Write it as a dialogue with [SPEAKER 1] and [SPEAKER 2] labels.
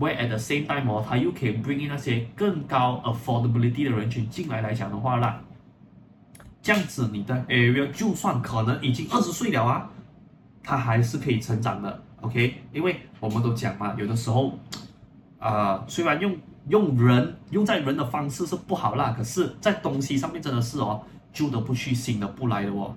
[SPEAKER 1] where at the same time，哦，他又可以 bringing 那些更高 affordability 的人群進來來講的話啦，這樣子你的 area 就算可能已經二十歲了啊，他還是可以成長的。OK，因為我們都講嘛，有的時候，啊、呃、雖然用用人用在人的方式是不好啦，可是在東西上面真的是哦，舊的不去，新的不來的哦。